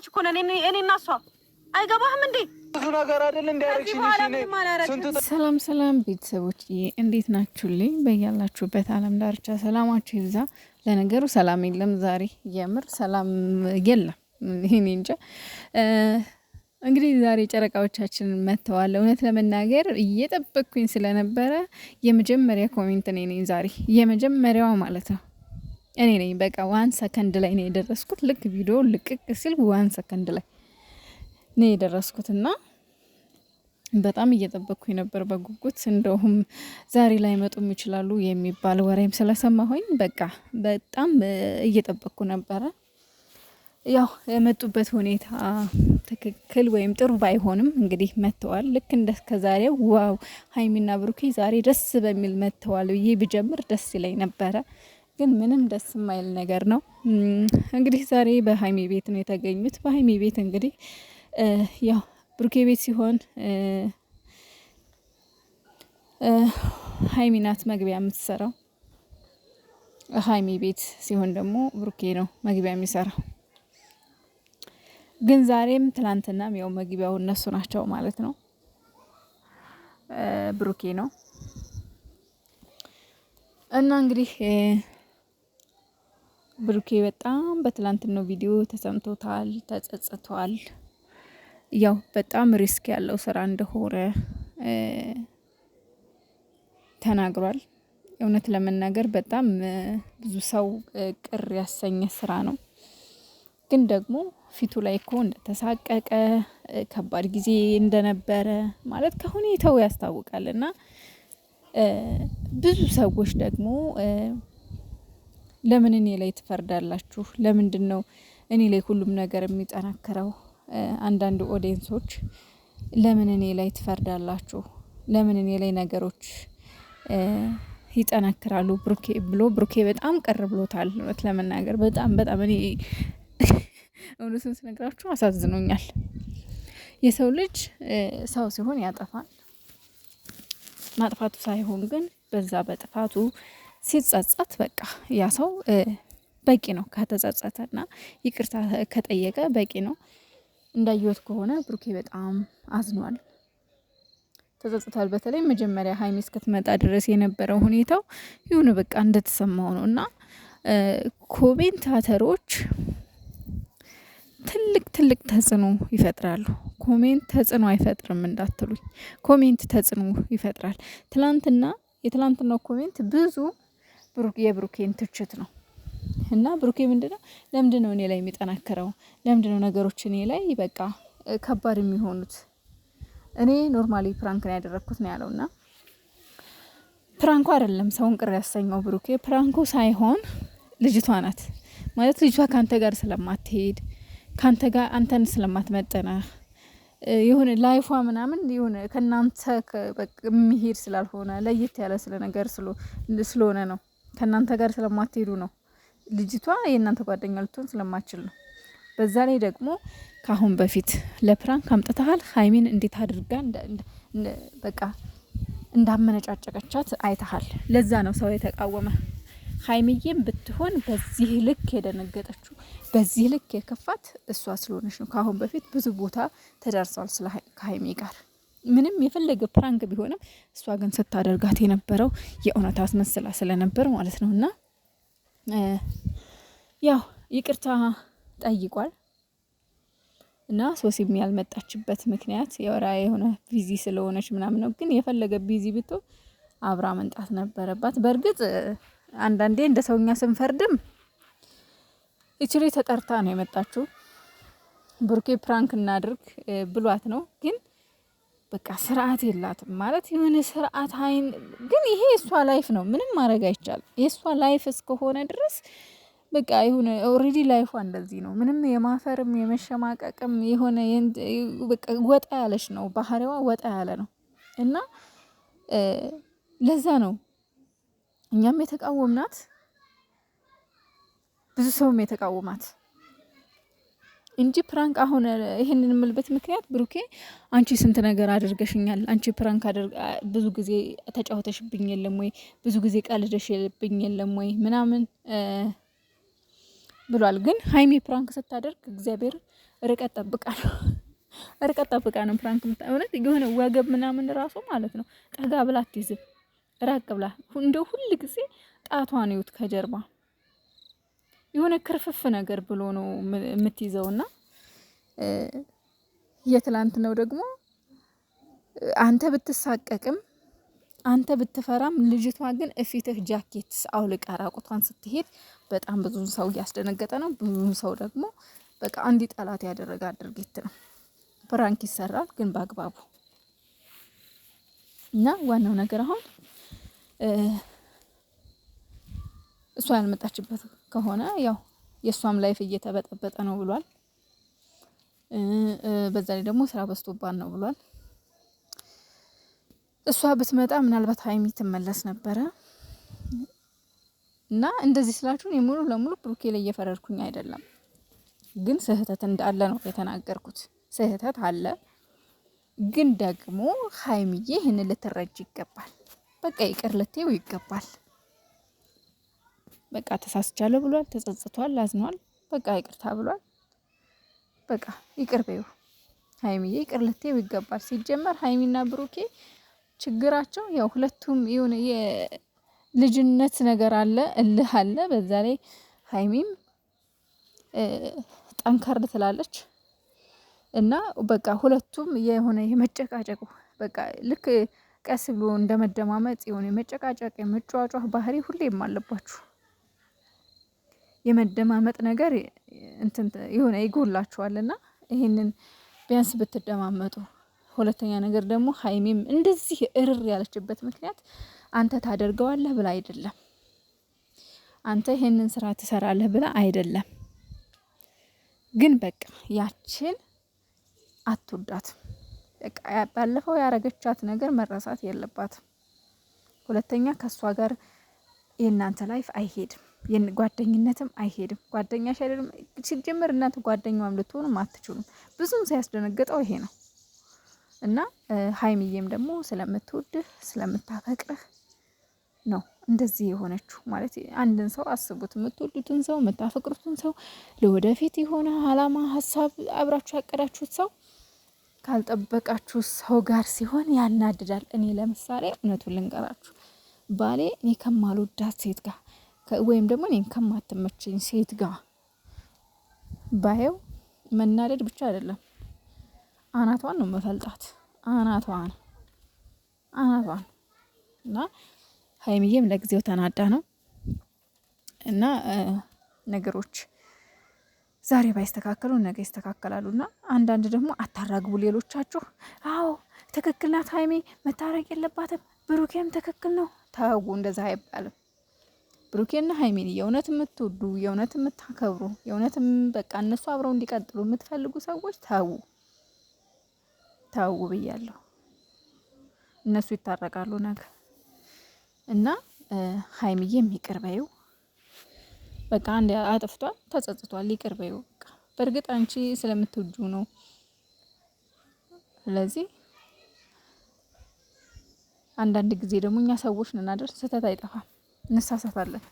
እየተጨቃጨቀች እኮ ነው እኔ እና እሷ። አይገባህም እንዴ? ብዙ ነገር አይደል ሰላም ሰላም ቤተሰቦች እንዴት ናችሁልኝ? በያላችሁበት አለም ዳርቻ ሰላማችሁ ይብዛ። ለነገሩ ሰላም የለም ዛሬ የምር ሰላም የለም። ይሄኔ እንጃ እንግዲህ ዛሬ ጨረቃዎቻችን መጥተዋል። እውነት ለመናገር እየጠበቅኩኝ ስለነበረ የመጀመሪያ ኮሜንት ነኝ ዛሬ የመጀመሪያዋ ማለት ነው እኔ ነኝ በቃ ዋን ሰከንድ ላይ ነው የደረስኩት። ልክ ቪዲዮ ልቅቅ ሲል ዋን ሰከንድ ላይ ነው የደረስኩት እና በጣም እየጠበቅኩኝ ነበር በጉጉት እንደውም ዛሬ ላይ መጡም ይችላሉ የሚባል ወሬም ስለሰማሁኝ በቃ በጣም እየጠበቅኩ ነበረ። ያው የመጡበት ሁኔታ ትክክል ወይም ጥሩ ባይሆንም እንግዲህ መጥተዋል። ልክ እንደ ዛሬ ዋው ሀይሚና ብሩኬ ዛሬ ደስ በሚል መጥተዋል ብዬ ብጀምር ደስ ይለኝ ነበረ። ግን ምንም ደስ የማይል ነገር ነው። እንግዲህ ዛሬ በሀይሚ ቤት ነው የተገኙት። በሀይሚ ቤት እንግዲህ ያው ብሩኬ ቤት ሲሆን ሀይሚ ናት መግቢያ የምትሰራው። ሀይሚ ቤት ሲሆን ደግሞ ብሩኬ ነው መግቢያ የሚሰራው። ግን ዛሬም ትላንትናም ያው መግቢያው እነሱ ናቸው ማለት ነው። ብሩኬ ነው እና እንግዲህ ብሩኬ በጣም በትላንትናው ቪዲዮ ተሰምቶታል፣ ተጸጽቷል። ያው በጣም ሪስክ ያለው ስራ እንደሆነ ተናግሯል። እውነት ለመናገር በጣም ብዙ ሰው ቅር ያሰኘ ስራ ነው። ግን ደግሞ ፊቱ ላይ እኮ እንደተሳቀቀ ከባድ ጊዜ እንደነበረ ማለት ከሁኔታው ያስታውቃል። እና ብዙ ሰዎች ደግሞ ለምን እኔ ላይ ትፈርዳላችሁ? ለምንድን ነው እኔ ላይ ሁሉም ነገር የሚጠናከረው? አንዳንድ ኦዲየንሶች ለምን እኔ ላይ ትፈርዳላችሁ? ለምን እኔ ላይ ነገሮች ይጠናክራሉ ብሩኬ ብሎ ብሩኬ በጣም ቅር ብሎታል። እውነት ለመናገር በጣም በጣም እኔ እውነቱን ስነግራችሁ አሳዝኖኛል። የሰው ልጅ ሰው ሲሆን ያጠፋል። ማጥፋቱ ሳይሆን ግን በዛ በጥፋቱ ሲጸጸት በቃ ያ ሰው በቂ ነው። ከተጸጸተና ይቅርታ ከጠየቀ በቂ ነው። እንዳየወት ከሆነ ብሩኬ በጣም አዝኗል፣ ተጸጽቷል። በተለይ መጀመሪያ ሀይሚ እስክትመጣ ድረስ የነበረው ሁኔታው ይሁን በቃ እንደተሰማው ነው እና ኮሜንታተሮች ትልቅ ትልቅ ተጽዕኖ ይፈጥራሉ። ኮሜንት ተጽዕኖ አይፈጥርም እንዳትሉኝ፣ ኮሜንት ተጽዕኖ ይፈጥራል። ትላንትና የትላንትናው ኮሜንት ብዙ የብሩኬን ትችት ነው እና ብሩኬ ምንድነው ለምንድን ነው እኔ ላይ የሚጠናክረው? ለምንድነው ነው ነገሮች እኔ ላይ በቃ ከባድ የሚሆኑት? እኔ ኖርማሊ ፕራንክ ነው ያደረግኩት ነው ያለው እና ፕራንኩ አይደለም ሰውን ቅር ያሰኘው ብሩኬ ፕራንኩ ሳይሆን ልጅቷ ናት ማለት ልጅቷ ከአንተ ጋር ስለማትሄድ ከአንተ ጋር አንተን ስለማትመጠነህ የሆነ ላይፏ ምናምን የሆነ ከእናንተ የሚሄድ ስላልሆነ ለየት ያለ ስለ ነገር ስለሆነ ነው ከእናንተ ጋር ስለማትሄዱ ነው። ልጅቷ የእናንተ ጓደኛ ልትሆን ስለማችል ነው። በዛ ላይ ደግሞ ከአሁን በፊት ለፕራንክ አምጥተሃል። ሀይሚን እንዴት አድርጋ በቃ እንዳመነጫጨቀቻት አይተሃል። ለዛ ነው ሰው የተቃወመ። ሀይሚዬም ብትሆን በዚህ ልክ የደነገጠችው በዚህ ልክ የከፋት እሷ ስለሆነች ነው። ከአሁን በፊት ብዙ ቦታ ተደርሷል ከሀይሜ ከሀይሚ ጋር ምንም የፈለገ ፕራንክ ቢሆንም እሷ ግን ስታደርጋት የነበረው የእውነት አስመስላ ስለነበር ማለት ነው። እና ያው ይቅርታ ጠይቋል። እና ሶሲም ያልመጣችበት ምክንያት የወራ የሆነ ቢዚ ስለሆነች ምናምን ነው። ግን የፈለገ ቢዚ ብትሆን አብራ መንጣት ነበረባት። በእርግጥ አንዳንዴ እንደ ሰውኛ ስንፈርድም ይችሪ ተጠርታ ነው የመጣችው። ብሩኬ ፕራንክ እናድርግ ብሏት ነው ግን በቃ ስርዓት የላትም ማለት የሆነ ስርዓት አይን ግን ይሄ የእሷ ላይፍ ነው። ምንም ማድረግ አይቻልም። የእሷ ላይፍ እስከሆነ ድረስ በቃ የሆነ ኦልሬዲ ላይፏ እንደዚህ ነው። ምንም የማፈርም የመሸማቀቅም የሆነ ወጣ ያለች ነው ባህሪዋ፣ ወጣ ያለ ነው እና ለዛ ነው እኛም የተቃወምናት ብዙ ሰውም የተቃወማት። እንጂ ፕራንክ አሁን ይሄንን የምልበት ምክንያት ብሩኬ አንቺ ስንት ነገር አድርገሽኛል። አንቺ ፕራንክ ብዙ ጊዜ ተጫውተሽብኝ የለም ወይ? ብዙ ጊዜ ቀልደሽብኝ የለም ወይ? ምናምን ብሏል። ግን ሀይሚ ፕራንክ ስታደርግ እግዚአብሔር ርቀት ጠብቃ ነው ርቀት ጠብቃ ነው ፕራንክ ምታ እውነት የሆነ ወገብ ምናምን ራሱ ማለት ነው ጠጋ ብላ አትይዝም፣ ራቅ ብላ እንደ ሁል ጊዜ ጣቷን ይዩት ከጀርባ የሆነ ክርፍፍ ነገር ብሎ ነው የምትይዘው ና የትላንት ነው ደግሞ አንተ ብትሳቀቅም አንተ ብትፈራም ልጅቷ ግን እፊትህ ጃኬት አውልቃ ራቁቷን ስትሄድ በጣም ብዙ ሰው እያስደነገጠ ነው። ብዙ ሰው ደግሞ በቃ አንዲ ጠላት ያደረገ አድርጌት ነው። ፕራንክ ይሰራል ግን በአግባቡ እና ዋናው ነገር አሁን እሷ ያልመጣችበት ከሆነ ያው የእሷም ላይፍ እየተበጠበጠ ነው ብሏል። በዛ ላይ ደግሞ ስራ በስቶባን ነው ብሏል። እሷ ብትመጣ ምናልባት ሀይሚ ትመለስ ነበረ እና እንደዚህ ስላችሁን የሙሉ ለሙሉ ብሩኬ ላይ እየፈረድኩኝ አይደለም፣ ግን ስህተት እንዳለ ነው የተናገርኩት። ስህተት አለ፣ ግን ደግሞ ሀይሚዬ ይህንን ልትረጅ ይገባል። በቃ ይቅር ልትይው ይገባል። በቃ ተሳስቻለሁ ብሏል። ተጸጽቷል፣ አዝኗል። በቃ ይቅርታ ብሏል። በቃ ይቅር በይው ሀይሚዬ፣ ይቅር ልትይው ይገባል። ሲጀመር ሀይሚና ብሩኬ ችግራቸው ያው ሁለቱም የሆነ የልጅነት ነገር አለ፣ እልህ አለ። በዛ ላይ ሀይሚም ጠንከር ትላለች እና በቃ ሁለቱም የሆነ የመጨቃጨቁ በቃ ልክ ቀስ ብሎ እንደመደማመጥ የሆነ የመጨቃጨቅ የመጫዋጫ ባህሪ ሁሌም አለባችሁ። የመደማመጥ ነገር የሆነ ይጎላችኋል እና ይሄንን ቢያንስ ብትደማመጡ። ሁለተኛ ነገር ደግሞ ሀይሜም እንደዚህ እርር ያለችበት ምክንያት አንተ ታደርገዋለህ ብላ አይደለም፣ አንተ ይሄንን ስራ ትሰራለህ ብላ አይደለም። ግን በቃ ያችን አትወዳት። በቃ ባለፈው ያረገቻት ነገር መረሳት የለባትም። ሁለተኛ ከእሷ ጋር የእናንተ ላይፍ አይሄድም። ጓደኝነትም አይሄድም። ጓደኛሽ አይደለም ሲጀምር እናንተ ጓደኛዋም ልትሆኑም አትችሉም። ብዙም ሳያስደነግጠው ይሄ ነው እና ሀይሚዬም ደግሞ ስለምትወድህ ስለምታፈቅርህ ነው እንደዚህ የሆነችው። ማለት አንድን ሰው አስቡት፣ የምትወዱትን ሰው የምታፈቅሩትን ሰው ለወደፊት የሆነ አላማ ሀሳብ አብራችሁ ያቀዳችሁት ሰው ካልጠበቃችሁ ሰው ጋር ሲሆን ያናድዳል። እኔ ለምሳሌ እውነቱን ልንገራችሁ ባሌ እኔ ከማልወዳት ሴት ጋር ወይም ደግሞ እኔን ከማትመቸኝ ሴት ጋር ባየው መናደድ ብቻ አይደለም፣ አናቷን ነው መፈልጣት። አናቷን አናቷን እና ሀይሚዬም ለጊዜው ተናዳ ነው እና ነገሮች ዛሬ ባይስተካከሉ ነገ ይስተካከላሉ። እና አንዳንድ ደግሞ አታራግቡ ሌሎቻችሁ። አዎ ትክክል ናት ሀይሚ መታረቅ የለባትም ብሩኬም ትክክል ነው። ተው እንደዛ አይባልም። ብሩኬና ሀይሚን የእውነት የምትወዱ የእውነት የምታከብሩ የእውነት በቃ እነሱ አብረው እንዲቀጥሉ የምትፈልጉ ሰዎች ተዉ ተዉ ብያለሁ። እነሱ ይታረቃሉ ነገ እና ሀይሚዬ ይቅር በይው። በቃ አንድ አጥፍቷል፣ ተጸጽቷል፣ ይቅር በይው። በቃ በእርግጥ አንቺ ስለምትወጁ ነው። ስለዚህ አንዳንድ ጊዜ ደግሞ እኛ ሰዎች ነን አይደል? ስህተት አይጠፋም። እንሳሳታለን።